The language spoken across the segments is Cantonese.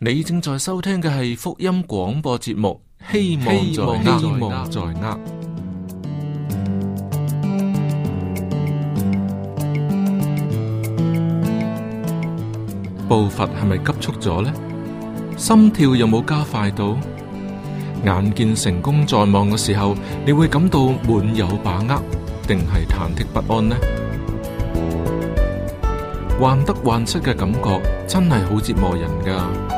你正在收聽嘅係福音廣播節目，希望在希望在握，步伐係咪急促咗呢？心跳有冇加快到？眼見成功在望嘅時候，你會感到滿有把握，定係忐忑不安呢？患得患失嘅感覺真係好折磨人噶。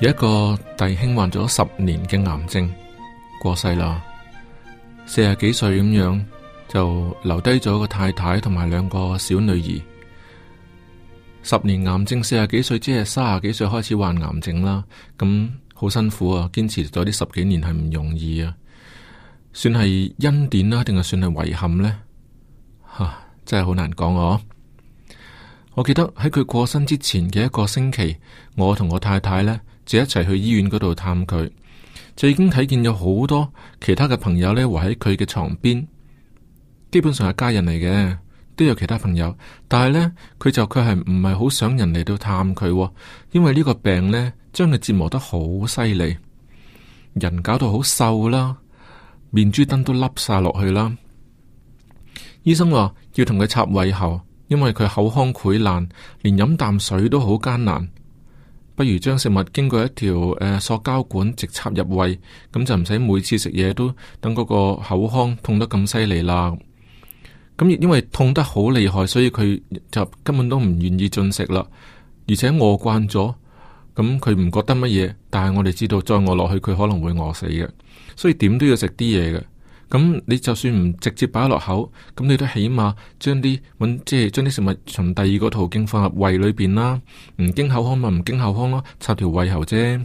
有一個弟兄患咗十年嘅癌症，過世啦，四十幾歲咁樣就留低咗個太太同埋兩個小女兒。十年癌症，四十幾歲即係三十幾歲開始患癌症啦，咁好辛苦啊！堅持咗呢十幾年係唔容易啊，算係恩典啦，啊，定係算係遺憾呢？吓，啊，真係好難講哦，啊。我記得喺佢過身之前嘅一個星期，我同我太太呢。就一齊去醫院嗰度探佢，就已經睇見有好多其他嘅朋友呢，圍喺佢嘅床邊，基本上係家人嚟嘅，都有其他朋友。但係呢，佢就佢係唔係好想人嚟到探佢，哦，因為呢個病呢，將佢折磨得好犀利，人搞到好瘦啦，面珠燈都凹晒落去啦。醫生話要同佢插胃喉，因為佢口腔潰爛，連飲啖水都好艱難。不如將食物經過一條塑膠管直插入胃，咁就唔使每次食嘢都等嗰個口腔痛得咁犀利啦。咁因為痛得好厲害，所以佢就根本都唔願意進食啦。而且餓慣咗，咁佢唔覺得乜嘢。但係我哋知道再餓落去，佢可能會餓死嘅，所以點都要食啲嘢嘅。咁你就算唔直接擺落口，咁你都起碼將啲揾即係將啲食物從第二個途徑放入胃裏邊啦，唔經口腔咪唔經口腔咯，插條胃喉啫。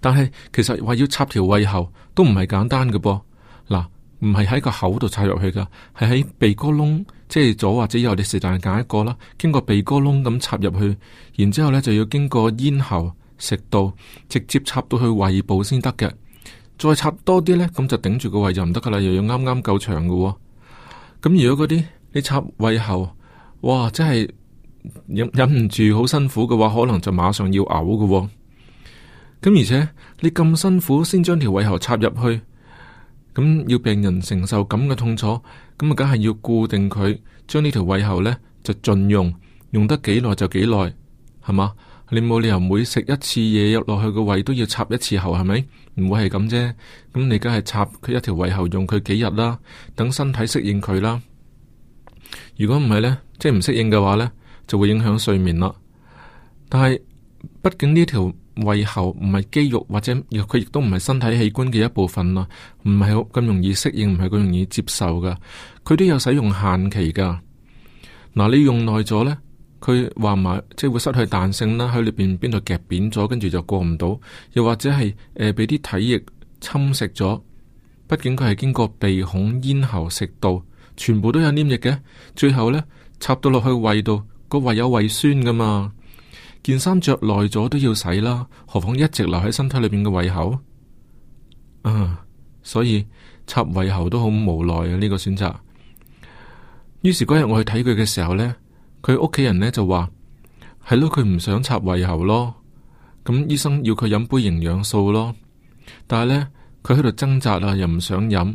但係其實話要插條胃喉都唔係簡單嘅噃，嗱，唔係喺個口度插入去㗎，係喺鼻哥窿，即係左或者右嘅是但揀一個啦，經過鼻哥窿咁插入去，然之後呢就要經過咽喉食道直接插到去胃部先得嘅。再插多啲呢，咁就頂住個胃就唔得噶啦，又要啱啱夠長嘅喎。咁如果嗰啲你插胃喉，哇，真係忍忍唔住好辛苦嘅話，可能就馬上要嘔嘅喎。咁而且你咁辛苦先將條胃喉插入去，咁要病人承受咁嘅痛楚，咁啊，梗係要固定佢，將呢條胃喉呢，就盡用，用得幾耐就幾耐，係嘛？你冇理由每食一次嘢入落去個胃都要插一次喉係咪？唔會係咁啫。咁你梗係插佢一條胃喉用佢幾日啦，等身體適應佢啦。如果唔係呢，即係唔適應嘅話呢，就會影響睡眠啦。但係畢竟呢條胃喉唔係肌肉或者佢亦都唔係身體器官嘅一部分啦，唔係咁容易適應，唔係好咁容易接受噶。佢都有使用限期噶。嗱，你用耐咗呢。佢話埋即係會失去彈性啦，喺裏邊邊度夾扁咗，跟住就過唔到，又或者係誒俾啲體液侵蝕咗。畢竟佢係經過鼻孔、咽喉、食道，全部都有黏液嘅。最後呢，插到落去胃度，個胃有胃酸噶嘛。件衫着耐咗都要洗啦，何況一直留喺身體裏邊嘅胃口。啊，所以插胃喉都好無奈啊！呢個選擇。於是嗰日我去睇佢嘅時候呢。佢屋企人咧就話係咯，佢唔想插胃喉咯。咁醫生要佢飲杯營養素咯，但係呢，佢喺度掙扎啊，又唔想飲。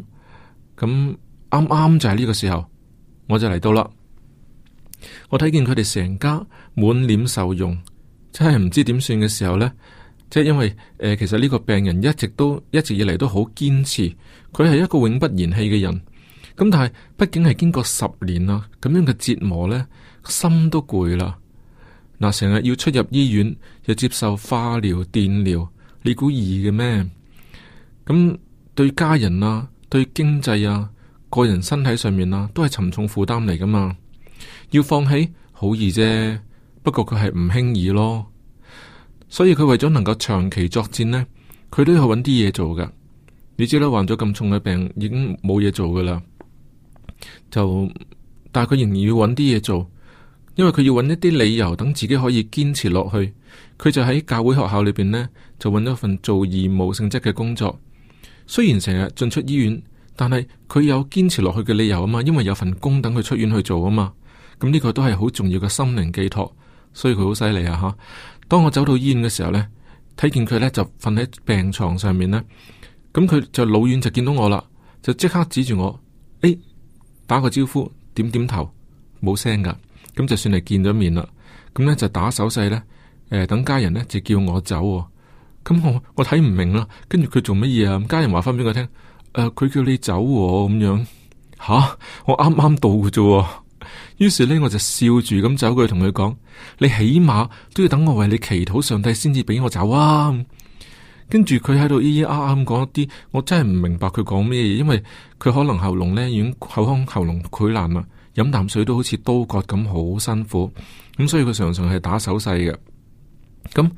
咁啱啱就係呢個時候，我就嚟到啦。我睇見佢哋成家滿臉愁容，真係唔知點算嘅時候呢，即係因為誒、呃，其實呢個病人一直都一直以嚟都好堅持，佢係一個永不言棄嘅人。咁但係畢竟係經過十年啦咁樣嘅折磨呢。心都攰啦，嗱、啊、成日要出入醫院，又接受化療、電療，你估易嘅咩？咁、嗯、對家人啊，對經濟啊，個人身體上面啊，都係沉重負擔嚟噶嘛。要放棄好易啫，不過佢係唔輕易咯。所以佢為咗能夠長期作戰呢，佢都要揾啲嘢做噶。你知啦，患咗咁重嘅病，已經冇嘢做噶啦，就但係佢仍然要揾啲嘢做。因為佢要揾一啲理由，等自己可以堅持落去。佢就喺教會學校裏邊呢，就揾咗份做義務性質嘅工作。雖然成日進出醫院，但係佢有堅持落去嘅理由啊嘛，因為有份工等佢出院去做啊嘛。咁呢個都係好重要嘅心靈寄託，所以佢好犀利啊！吓，當我走到醫院嘅時候呢，睇見佢呢就瞓喺病床上面呢，咁佢就老遠就見到我啦，就即刻指住我，誒、欸，打個招呼，點點頭，冇聲噶。咁就算係見咗面啦，咁咧就打手勢咧，誒，等家人咧就叫我走，咁我我睇唔明啦。跟住佢做乜嘢啊？咁家人話翻俾我聽，誒、呃、佢叫你走咁、哦、樣，吓、啊、我啱啱到嘅啫。於是咧我就笑住咁走過去同佢講，你起碼都要等我為你祈禱，上帝先至俾我走啊。跟住佢喺度咿咿啊啱講、啊啊啊、一啲，我真係唔明白佢講咩嘢，因為佢可能喉嚨咧，已經口腔喉嚨潰爛啦。飲啖水都好似刀割咁，好辛苦。咁所以佢常常係打手勢嘅。咁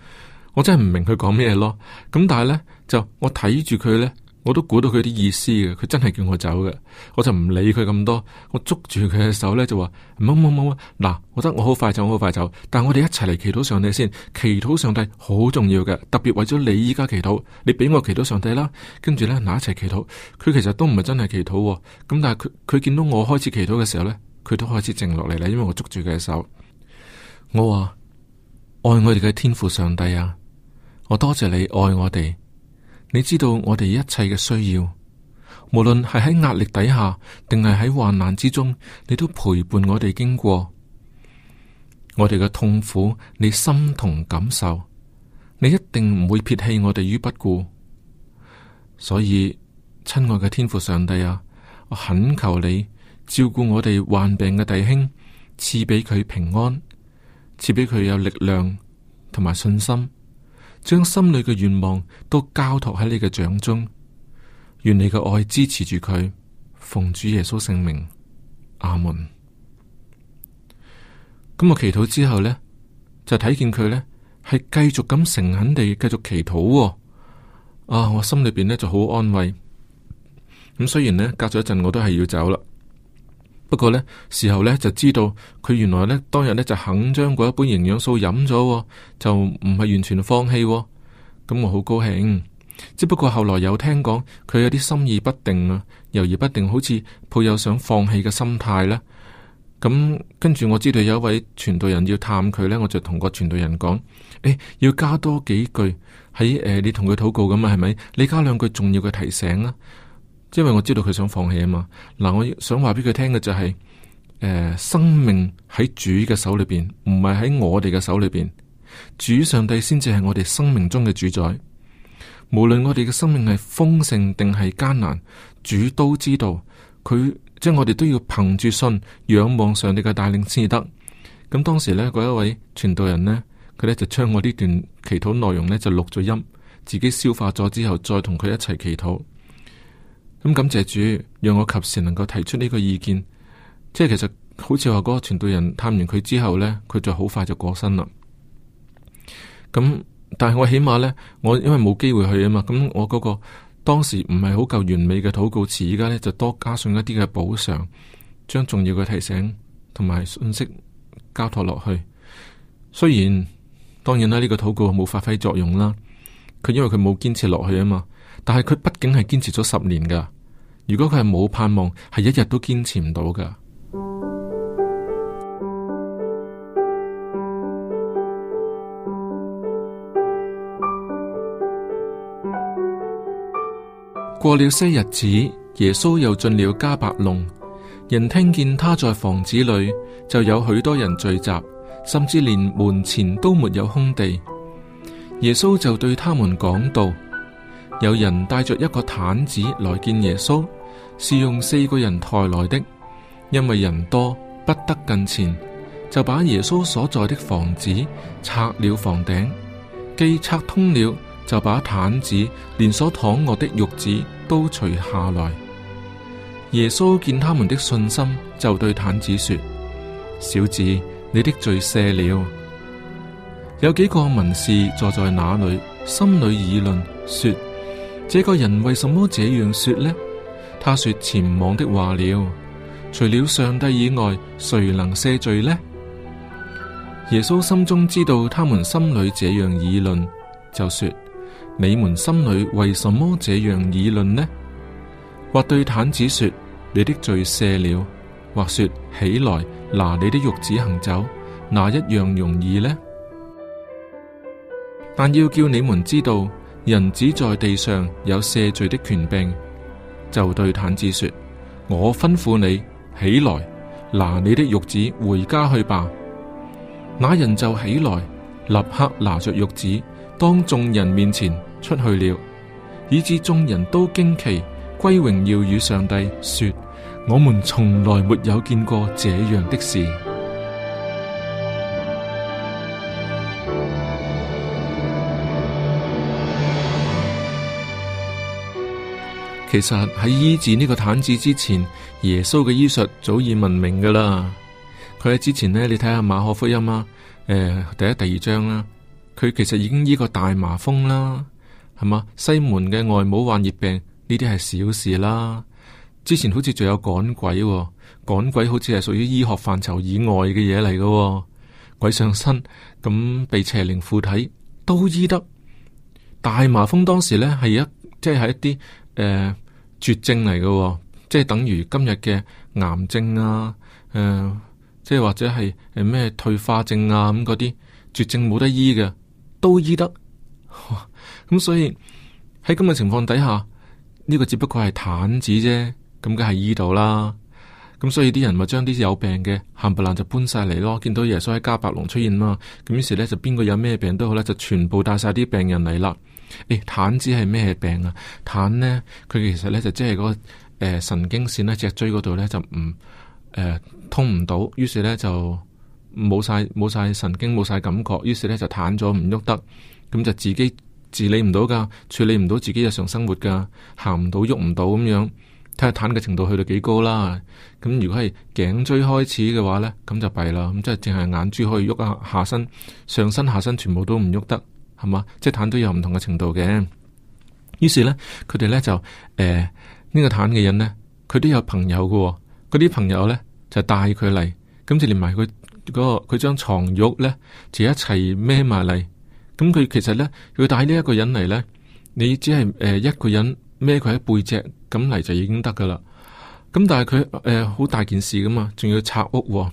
我真係唔明佢講咩咯。咁但係咧，就我睇住佢咧。我都估到佢啲意思嘅，佢真係叫我走嘅，我就唔理佢咁多。我捉住佢嘅手呢，就話唔好唔好唔好，嗱，我覺得我好快走，我好快走。但係我哋一齊嚟祈禱上帝先，祈禱上帝好重要嘅，特別為咗你依家祈禱，你俾我祈禱上帝啦。跟住呢，嗱一齊祈禱。佢其實都唔係真係祈禱，哦，咁但係佢佢見到我開始祈禱嘅時候呢，佢都開始靜落嚟啦，因為我捉住佢嘅手。我話，愛我哋嘅天父上帝啊，我多謝你愛我哋。你知道我哋一切嘅需要，無論係喺壓力底下，定係喺患難之中，你都陪伴我哋經過。我哋嘅痛苦，你心同感受，你一定唔會撇棄我哋於不顧。所以，親愛嘅天父上帝啊，我懇求你照顧我哋患病嘅弟兄，賜俾佢平安，賜俾佢有力量同埋信心。將心裏嘅願望都交託喺你嘅掌中，願你嘅愛支持住佢，奉主耶穌聖名，阿門。咁我祈禱之後呢，就睇見佢呢係繼續咁誠懇地繼續祈禱，哦。啊，我心裏邊呢就好安慰。咁雖然呢，隔咗一陣，我都係要走啦。不過呢，事後呢就知道佢原來呢當日呢就肯將嗰一杯營養素飲咗，就唔係完全放棄。咁我好高興。只不過後來聽有聽講佢有啲心意不定啊，猶豫不定，好似抱有想放棄嘅心態呢。咁跟住我知道有一位傳道人要探佢呢，我就同個傳道人講：，誒、欸，要加多幾句喺誒、呃，你同佢禱告咁啊，係咪？你加兩句重要嘅提醒啊。因為我知道佢想放棄啊嘛，嗱，我想話俾佢聽嘅就係、是，誒、呃，生命喺主嘅手裏邊，唔係喺我哋嘅手裏邊，主上帝先至係我哋生命中嘅主宰。無論我哋嘅生命係豐盛定係艱難，主都知道，佢將我哋都要憑住信仰望上帝嘅帶領先至得。咁當時呢，嗰一位傳道人呢，佢呢就將我呢段祈禱內容呢就錄咗音，自己消化咗之後，再同佢一齊祈禱。咁感謝主，讓我及時能夠提出呢個意見。即係其實好似我嗰個團隊人探完佢之後呢，佢就好快就過身啦。咁但係我起碼呢，我因為冇機會去啊嘛。咁我嗰個當時唔係好夠完美嘅禱告詞，而家呢就多加上一啲嘅補償，將重要嘅提醒同埋信息交託落去。雖然當然啦，呢個禱告冇發揮作用啦，佢因為佢冇堅持落去啊嘛。但係佢畢竟係堅持咗十年㗎，如果佢係冇盼望，係一日都堅持唔到㗎。過了些日子，耶穌又進了迦百農，人聽見他在房子裏，就有許多人聚集，甚至連門前都沒有空地。耶穌就對他們講道。有人帶着一個癱子來見耶穌，是用四個人抬來的，因為人多不得近前，就把耶穌所在的房子拆了房頂，既拆通了，就把癱子連所躺臥的褥子都縋下來。耶穌見他們的信心，就對癱子說：小子，你的罪赦了。有幾個文士坐在那裏，心裏議論說。這個人為什麼這樣說呢？他說僭妄的話了，除了上帝以外，誰能赦罪呢？耶穌心中知道他們心裏這樣議論，就說：你們心裏為什麼這樣議論呢？或對癱子說：你的罪赦了，或說起來拿你的褥子行走，哪一樣容易呢？但要叫你們知道。人子在地上有赦罪的權柄，就對癱子說：我吩咐你起來，拿你的褥子回家去吧。那人就起來，立刻拿着褥子，當眾人面前出去了，以致眾人都驚奇，歸榮耀與上帝，說：我們從來沒有見過這樣的事。其實喺醫治呢個癱子之前，耶穌嘅醫術早已聞名噶啦。佢喺之前呢，你睇下馬可福音啊，誒、呃，第一、第二章啦、啊，佢其實已經醫過大麻風啦，係嘛？西門嘅外母患熱病，呢啲係小事啦。之前好似仲有趕鬼、哦，趕鬼好似係屬於醫學範疇以外嘅嘢嚟噶，鬼上身，咁被邪靈附體都醫得。大麻風當時呢，係一，即係一啲。誒、呃，絕症嚟嘅，哦，即係等於今日嘅癌症啊，誒、呃，即係或者係咩、呃、退化症啊，咁嗰啲絕症冇得醫嘅，都醫得，咁所以喺咁嘅情況底下，呢、這個只不過係癱子啫，咁梗係醫到啦。咁所以啲人咪將啲有病嘅冚唪唥就搬晒嚟咯。見到耶穌喺迦百農出現嘛，咁於是呢，就邊個有咩病都好咧，就全部帶晒啲病人嚟啦。誒，癱子係咩病啊？癱呢，佢其實呢就即係嗰個誒、呃、神經線咧脊椎，嗰度呢就唔誒、呃、通唔到，於是呢就冇晒冇晒神經冇晒感覺，於是呢就癱咗唔喐得，咁就自己自理唔到噶，處理唔到自己日常生活噶，行唔到喐唔到咁樣。睇下癱嘅程度去到幾高啦。咁如果係頸椎開始嘅話呢，咁就弊啦。咁即係淨係眼珠可以喐啊，下身上身下身全部都唔喐得。係嘛，即係癱都有唔同嘅程度嘅。於是咧，佢哋咧就誒呢、呃呢個癱嘅人咧，佢都有朋友嘅、哦。嗰啲朋友咧就帶佢嚟，咁就連埋佢嗰個佢張床褥咧，就一齊孭埋嚟。咁佢其實咧要帶呢、呃、一個人嚟咧，你只係誒一個人孭佢喺背脊咁嚟就已經得噶啦。咁但係佢誒好大件事噶嘛，仲要拆屋、哦，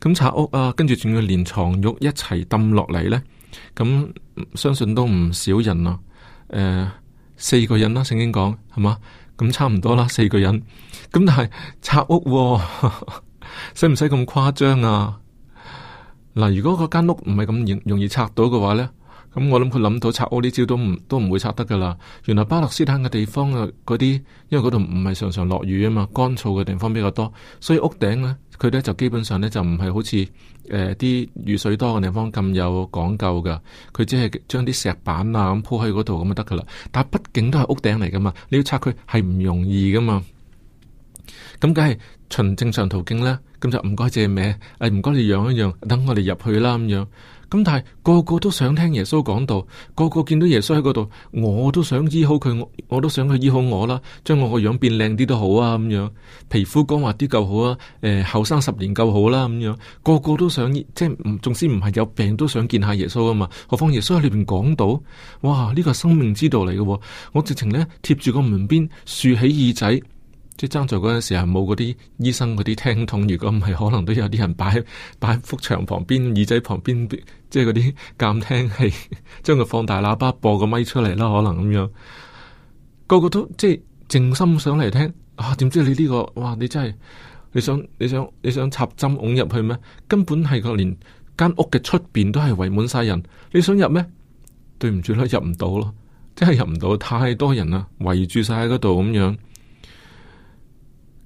咁拆屋啊，跟住仲要連床褥一齊抌落嚟咧。咁、嗯、相信都唔少人啊，誒、呃，四個人啦、啊，聖經講係嘛，咁、嗯、差唔多啦，四個人。咁、嗯、但係拆屋，使唔使咁誇張啊？嗱、啊，如果嗰間屋唔係咁容容易拆到嘅話咧？咁、嗯、我諗佢諗到拆屋呢招都唔都唔會拆得噶啦。原來巴勒斯坦嘅地方嘅嗰啲，因為嗰度唔係常常落雨啊嘛，乾燥嘅地方比較多，所以屋頂呢，佢呢就基本上呢就唔係好似誒啲雨水多嘅地方咁有講究噶。佢只係將啲石板啊咁鋪喺嗰度咁就得噶啦。但係畢竟都係屋頂嚟噶嘛，你要拆佢係唔容易噶嘛。咁梗係循正常途徑呢，咁就唔該借命，誒、哎、唔該你養一養讓一讓，等我哋入去啦咁樣。咁但係個個都想聽耶穌講道，個個見到耶穌喺嗰度，我都想醫好佢，我都想佢醫好我啦，將我個樣變靚啲都好啊，咁樣皮膚光滑啲夠好啊，誒後生十年夠好啦，咁樣個個都想，即係，仲先唔係有病都想見下耶穌啊嘛，何況耶穌喺裏邊講道，哇呢個係生命之道嚟嘅，我直情呢貼住個門邊豎起耳仔。即爭在嗰陣時係冇嗰啲醫生嗰啲聽筒，如果唔係，可能都有啲人擺擺幅牆旁邊、耳仔旁邊，即係嗰啲監聽器，將佢放大喇叭播個咪出嚟啦。可能咁樣，個個都即係靜心上嚟聽啊？點知你呢個哇？你真係你想你想你想你想你想插針㧬入去咩？根本係個連間屋嘅出邊都係圍滿晒人，你想入咩？對唔住啦，入唔到咯，真係入唔到，太多人啦，圍住晒喺嗰度咁樣。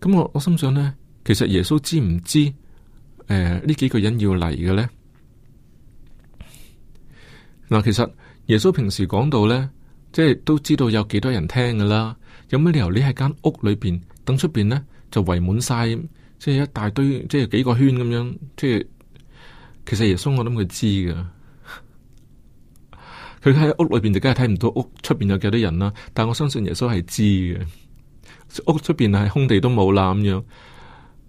咁我我心想呢，其實耶穌知唔知誒呢、呃、幾個人要嚟嘅呢？嗱，其實耶穌平時講道呢，即係都知道有幾多人聽噶啦。有咩理由你喺間屋裏邊等出邊呢就圍滿晒，即係一大堆，即係幾個圈咁樣？即係其實耶穌我諗佢知噶，佢喺屋裏邊，就梗係睇唔到屋出邊有幾多人啦。但我相信耶穌係知嘅。屋出邊係空地都冇啦，咁樣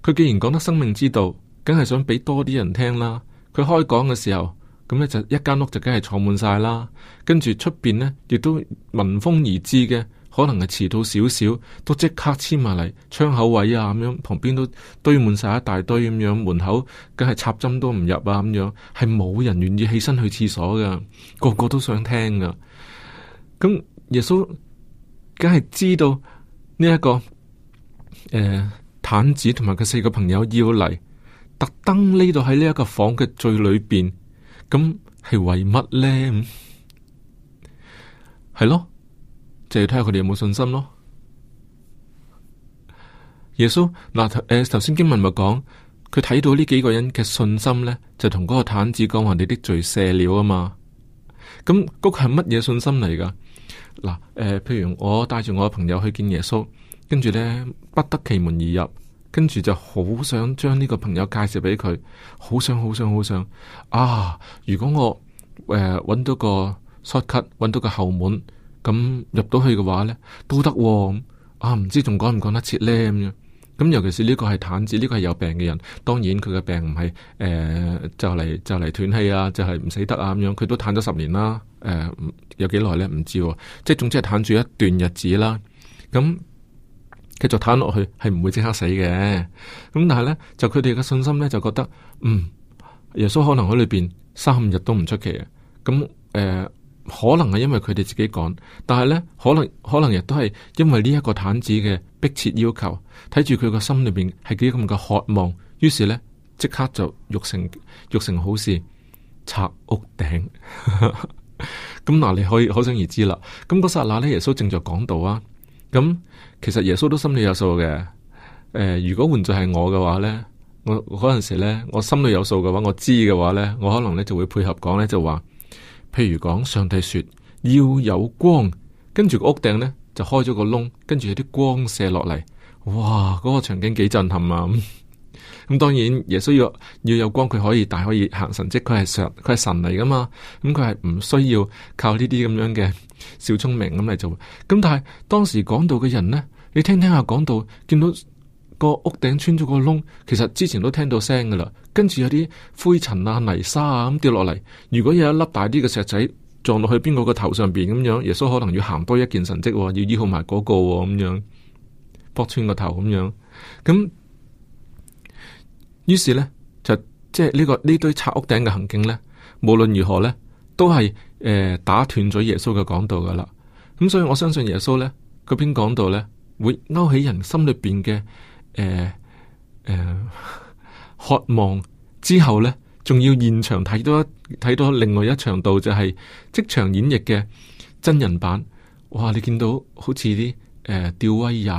佢既然講得生命之道，梗係想俾多啲人聽啦。佢開講嘅時候咁咧，就一間屋就梗係坐滿晒啦。跟住出邊呢，亦都聞風而至嘅，可能係遲到少少，都即刻黐埋嚟窗口位啊，咁樣旁邊都堆滿晒一大堆咁樣門口，梗係插針都唔入啊，咁樣係冇人願意起身去廁所噶，個個都想聽噶。咁耶穌梗係知道。呢一、這個誒，坦、欸、子同埋佢四個朋友要嚟，特登呢度喺呢一個房嘅最裏邊，咁係為乜咧？係咯，就要睇下佢哋有冇信心咯。耶穌嗱，誒、呃，頭先經文咪講，佢睇到呢幾個人嘅信心咧，就同嗰個坦子講話，你啲罪赦了啊嘛。咁嗰係乜嘢信心嚟噶？嗱，誒、呃，譬如我帶住我朋友去見耶穌，跟住咧不得其門而入，跟住就好想將呢個朋友介紹俾佢，好想好想好想，啊，如果我誒搵、呃、到個 shortcut 搵到個後門，咁入到去嘅話咧都得，哦，啊，唔知仲講唔講得切咧咁樣。咁尤其是呢個係癱子，呢、這個係有病嘅人。當然佢嘅病唔係誒，就嚟就嚟斷氣啊，就係唔死得啊咁樣。佢都癱咗十年啦，誒、呃，有幾耐呢？唔知，即係總之係癱住一段日子啦。咁繼續癱落去係唔會即刻死嘅。咁但係呢，就佢哋嘅信心呢，就覺得嗯，耶穌可能喺裏邊三日都唔出奇嘅。咁誒、呃，可能係因為佢哋自己講，但係呢，可能可能亦都係因為呢一個癱子嘅。迫切要求，睇住佢個心裏面係幾咁嘅渴望，於是呢即刻就玉成玉成好事，拆屋頂。咁嗱，你可以可想而知啦。咁嗰剎那個、呢，耶穌正在講道啊。咁其實耶穌都心裏有數嘅。誒、呃，如果換作係我嘅話呢，我嗰陣時呢，我心裏有數嘅話，我知嘅話呢，我可能呢就會配合講呢，就話，譬如講上帝說要有光，跟住個屋頂呢。」就開咗個窿，跟住有啲光射落嚟，哇！嗰、那個場景幾震撼啊！咁、嗯嗯、當然耶穌要要有光，佢可以大可以行神蹟，佢係神，佢係神嚟噶嘛？咁佢係唔需要靠呢啲咁樣嘅小聰明咁嚟做。咁、嗯、但係當時講到嘅人呢，你聽聽下講到見到個屋頂穿咗個窿，其實之前都聽到聲噶啦，跟住有啲灰塵啊、泥沙啊咁跌落嚟。如果有一粒大啲嘅石仔，撞落去邊個個頭上邊咁樣，耶穌可能要行多一件神蹟，要醫好埋嗰個咁樣，剝穿個頭咁樣。咁於是呢，就即係呢、呢個呢堆拆屋頂嘅行徑呢，無論如何呢，都係誒、呃、打斷咗耶穌嘅講道噶啦。咁所以我相信耶穌呢，嗰篇講道呢，會勾起人心裏邊嘅誒誒渴望之後呢，仲要現場睇多。睇到另外一場度就係、是、即場演繹嘅真人版，哇！你見到好似啲誒吊威也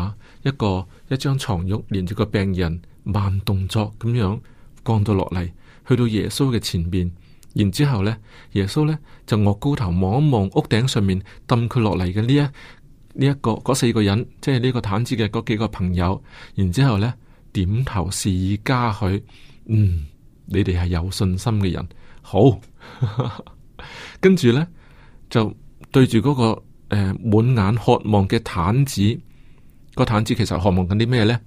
一個一張床褥連住個病人慢動作咁樣降到落嚟，去到耶穌嘅前面。然之後呢，耶穌呢就昂高頭望一望屋頂上面揼佢落嚟嘅呢一呢一個嗰四個人，即係呢個毯子嘅嗰幾個朋友，然之後呢，點頭示意嘉許：「嗯，你哋係有信心嘅人。好 跟住呢，就對住嗰、那個誒滿、呃、眼渴望嘅癱子個癱子，子其實渴望緊啲咩呢？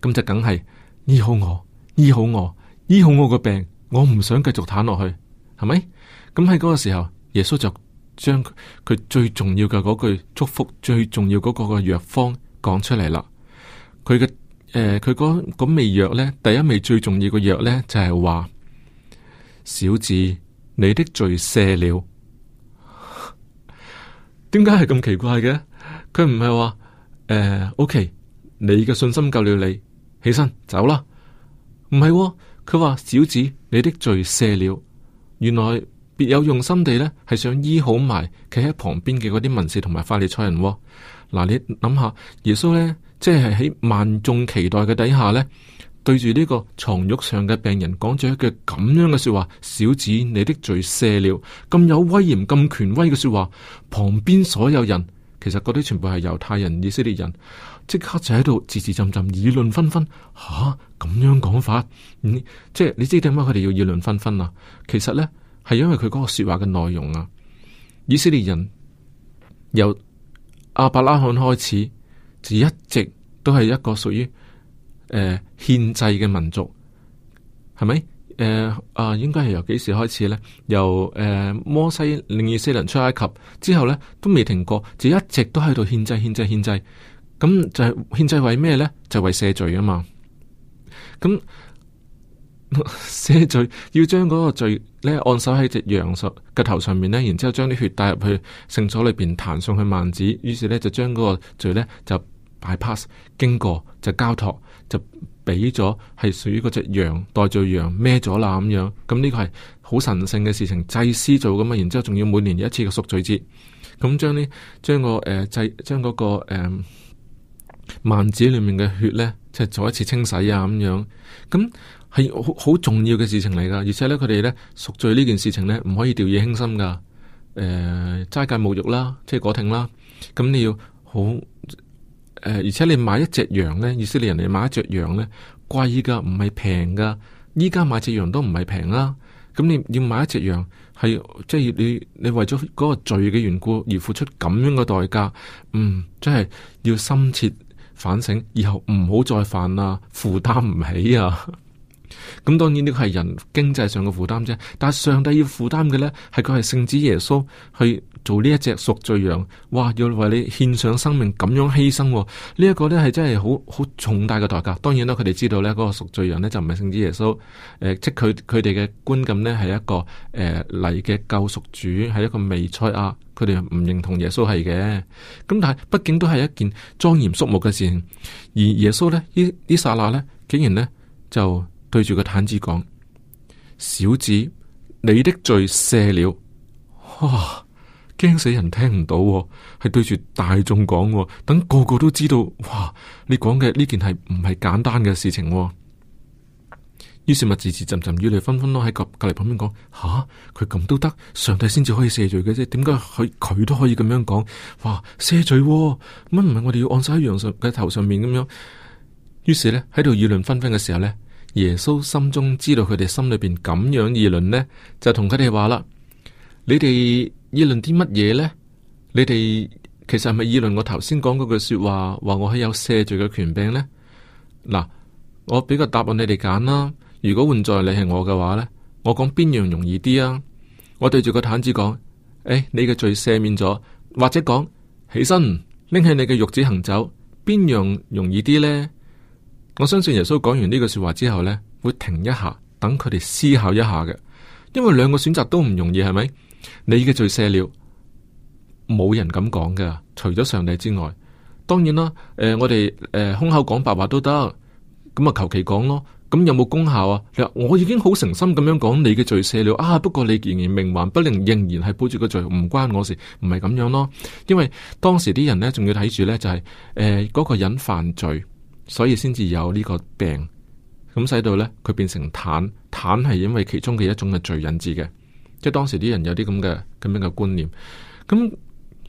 咁就梗係醫好我，醫好我，醫好我個病。我唔想繼續癱落去，係咪？咁喺嗰個時候，耶穌就將佢最重要嘅嗰句祝福，最重要嗰個嘅藥方講出嚟啦。佢嘅誒，佢、呃、味藥呢，第一味最重要嘅藥呢，就係、是、話。小子，你的罪赦了，點解係咁奇怪嘅？佢唔係話誒，O K，你嘅信心救了你，你起身走啦。唔係、哦，佢話小子，你的罪赦了。原來別有用心地呢係想醫好埋企喺旁邊嘅嗰啲文士同埋法利賽人、哦。嗱、呃，你諗下，耶穌呢，即係喺萬眾期待嘅底下呢。對住呢個床褥上嘅病人講咗一句咁樣嘅說話：小子，你的罪赦了。咁有威嚴、咁權威嘅說話，旁邊所有人其實嗰啲全部係猶太人、以色列人，即刻就喺度字字斟斟、議論紛紛。吓、啊，咁樣講法，嗯，即係你知點解佢哋要議論紛紛啦？其實呢，係因為佢嗰個說話嘅內容啊。以色列人由亞伯拉罕開始就一直都係一個屬於。誒，獻祭嘅民族係咪？誒、呃、啊，應該係由幾時開始呢？由誒、呃、摩西領以色列人出埃及之後呢，都未停過，就一直都喺度獻祭、獻祭、獻祭。咁就係獻祭為咩呢？就為赦罪啊嘛。咁赦 罪要將嗰個罪咧按手喺隻羊上嘅頭上面咧，然之後將啲血帶入去聖所裏邊彈上去幔子，於是呢，就將嗰個罪呢就 bypass 經過就交託。就俾咗係屬於嗰隻羊代罪羊孭咗啦咁樣，咁呢個係好神聖嘅事情，祭司做咁啊，然之後仲要每年一次嘅贖罪節，咁將呢將個誒祭、呃、將嗰、嗰個誒幔子、呃、裡面嘅血呢，即係做一次清洗啊咁樣，咁係好好重要嘅事情嚟噶，而且呢，佢哋呢贖罪呢件事情呢，唔可以掉以輕心噶，誒、呃、齋戒沐浴啦，即係裹停啦，咁你要好。誒，而且你買一隻羊呢，意思你人哋買一隻羊呢，貴噶，唔係平噶。依家買隻羊都唔係平啦，咁你要買一隻羊，係即係你你為咗嗰個罪嘅緣故而付出咁樣嘅代價，嗯，真係要深切反省，以後唔好再犯啦，負擔唔起啊！咁當然呢個係人經濟上嘅負擔啫，但係上帝要負擔嘅呢，係佢係聖子耶穌去做呢一隻贖罪羊，哇，要為你獻上生命，咁樣犧牲呢、哦、一、這個呢係真係好好重大嘅代價。當然啦，佢哋知道呢嗰個贖罪羊呢就唔係聖子耶穌，誒、呃，即佢佢哋嘅觀感呢係一個誒嚟嘅救贖主，係一個彌賽亞，佢哋唔認同耶穌係嘅。咁但係畢竟都係一件莊嚴肅穆嘅事情，而耶穌呢，呢呢剎那呢，竟然呢就。對住個毯子講，小子，你的罪赦了。哇，驚死人聽、喎，聽唔到，係對住大眾講、喎，等個個都知道。哇，你講嘅呢件係唔係簡單嘅事情、喎。於是自自，咪子子陣陣雨你，紛紛都喺隔隔籬旁邊講：吓、啊，佢咁都得，上帝先至可以赦罪嘅啫。點解佢佢都可以咁樣講？哇，赦罪乜唔係我哋要按手喺羊上嘅頭上面咁樣。於是咧，喺度議論紛紛嘅時候咧。耶穌心中知道佢哋心裏邊咁樣議論呢，就同佢哋話啦：「你哋議論啲乜嘢呢？你哋其實係咪議論我頭先講嗰句說話，話我係有赦罪嘅權柄呢？嗱，我俾個答案你哋揀啦。如果換在你係我嘅話呢，我講邊樣容易啲啊？我對住個癱子講：「欸，你嘅罪赦免咗，或者講起身，拎起你嘅褥子行走，邊樣容易啲呢？」我相信耶穌講完呢句說話之後呢，會停一下，等佢哋思考一下嘅，因為兩個選擇都唔容易，係咪？你嘅罪赦了，冇人咁講嘅，除咗上帝之外。當然啦，誒、呃，我哋誒、呃，空口講白話都得，咁啊，求其講咯。咁有冇功效啊？我已經好誠心咁樣講，你嘅罪赦了啊，不過你仍然冥頑不靈，仍然係背住個罪，唔關我事，唔係咁樣咯。因為當時啲人呢，仲要睇住呢就係誒嗰個人犯罪。所以先至有呢個病，咁使到呢，佢變成癱，癱係因為其中嘅一種嘅罪引致嘅，即係當時啲人有啲咁嘅咁樣嘅觀念，咁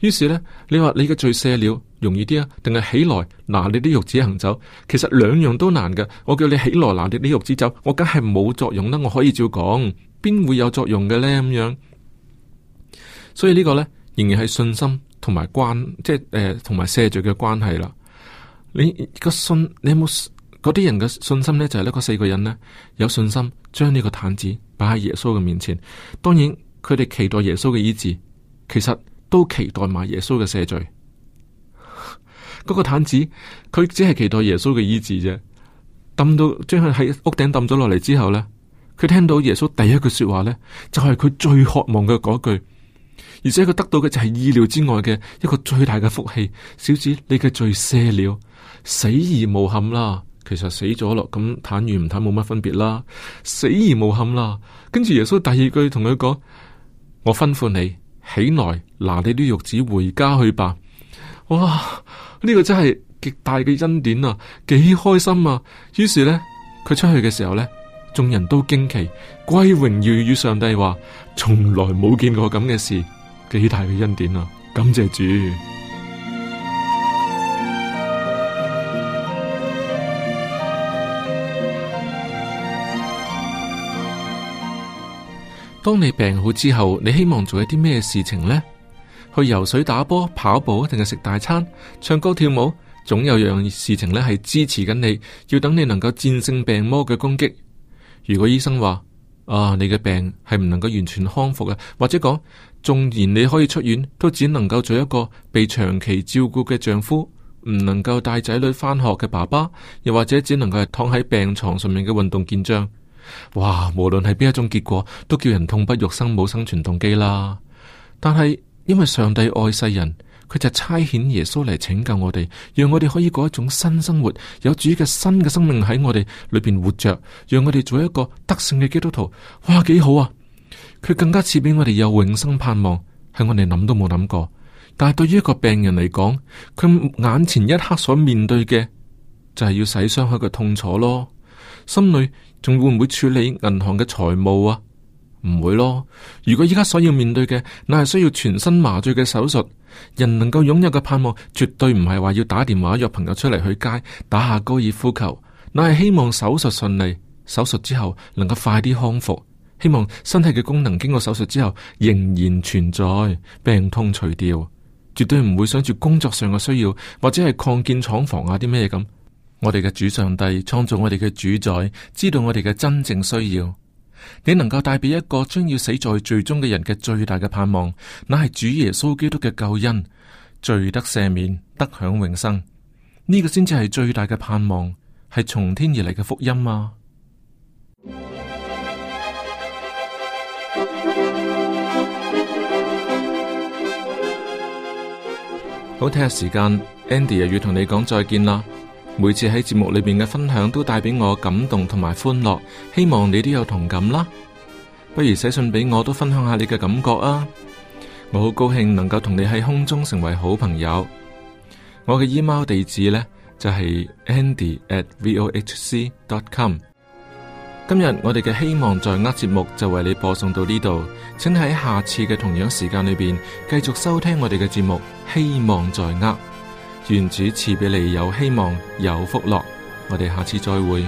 於是呢，你話你嘅罪赦了容易啲啊？定係起來拿你啲褥子行走，其實兩樣都難㗎，我叫你起來拿你啲褥子走，我梗係冇作用啦，我可以照講，邊會有作用嘅呢？咁樣，所以呢個呢，仍然係信心同埋關，即係同埋赦罪嘅關係啦。你個信，你有冇嗰啲人嘅信心呢？就係呢個四個人呢，有信心將呢個毯子擺喺耶穌嘅面前。當然，佢哋期待耶穌嘅醫治，其實都期待埋耶穌嘅赦罪。嗰、那個毯子，佢只係期待耶穌嘅醫治啫。抌到將佢喺屋頂抌咗落嚟之後呢，佢聽到耶穌第一句說話呢，就係、是、佢最渴望嘅嗰句，而且佢得到嘅就係意料之外嘅一個最大嘅福氣。小子，你嘅罪赦了。死而無憾啦，其實死咗咯，咁坦然唔坦冇乜分別啦。死而無憾啦，跟住耶穌第二句同佢講：我吩咐你起來，拿你啲褥子回家去吧。哇！呢、這個真係極大嘅恩典啊，幾開心啊！於是呢，佢出去嘅時候呢，眾人都驚奇歸榮耀與上帝，話從來冇見過咁嘅事，幾大嘅恩典啊！感謝主。當你病好之後，你希望做一啲咩事情呢？去游水、打波、跑步，定係食大餐、唱歌跳舞？總有樣事情呢係支持緊你要等你能夠戰勝病魔嘅攻擊。如果醫生話啊，你嘅病係唔能夠完全康復嘅，或者講縱然你可以出院，都只能夠做一個被長期照顧嘅丈夫，唔能夠帶仔女翻學嘅爸爸，又或者只能夠係躺喺病床上面嘅運動健將。哇！無論係邊一種結果，都叫人痛不欲生，冇生存動機啦。但係因為上帝愛世人，佢就差遣耶穌嚟拯救我哋，讓我哋可以過一種新生活，有主嘅新嘅生命喺我哋裏邊活着，讓我哋做一個得勝嘅基督徒。哇，幾好啊！佢更加似俾我哋有永生盼望，係我哋諗都冇諗過。但係對於一個病人嚟講，佢眼前一刻所面對嘅就係、是、要洗傷口嘅痛楚咯，心裏。仲會唔會處理銀行嘅財務啊？唔會咯。如果依家所要面對嘅，乃係需要全身麻醉嘅手術，人能夠擁有嘅盼望，絕對唔係話要打電話約朋友出嚟去街打下高爾夫球，乃係希望手術順利，手術之後能夠快啲康復，希望身體嘅功能經過手術之後仍然存在，病痛除掉，絕對唔會想住工作上嘅需要，或者係擴建廠房啊啲咩咁。我哋嘅主上帝創造我哋嘅主宰，知道我哋嘅真正需要。你能夠帶俾一個將要死在最終嘅人嘅最大嘅盼望，乃係主耶穌基督嘅救恩，罪得赦免，得享永生。呢、這個先至係最大嘅盼望，係從天而嚟嘅福音啊！好，聽下時間，Andy 又要同你講再見啦。每次喺節目裏邊嘅分享都帶俾我感動同埋歡樂，希望你都有同感啦。不如寫信俾我，都分享下你嘅感覺啊！我好高興能夠同你喺空中成為好朋友。我嘅 email 地址呢，就係、是、andy@vohc.com。今日我哋嘅希望在握節目就為你播送到呢度，請喺下次嘅同樣時間裏邊繼續收聽我哋嘅節目。希望在握。願主賜俾你有希望、有福樂，我哋下次再會。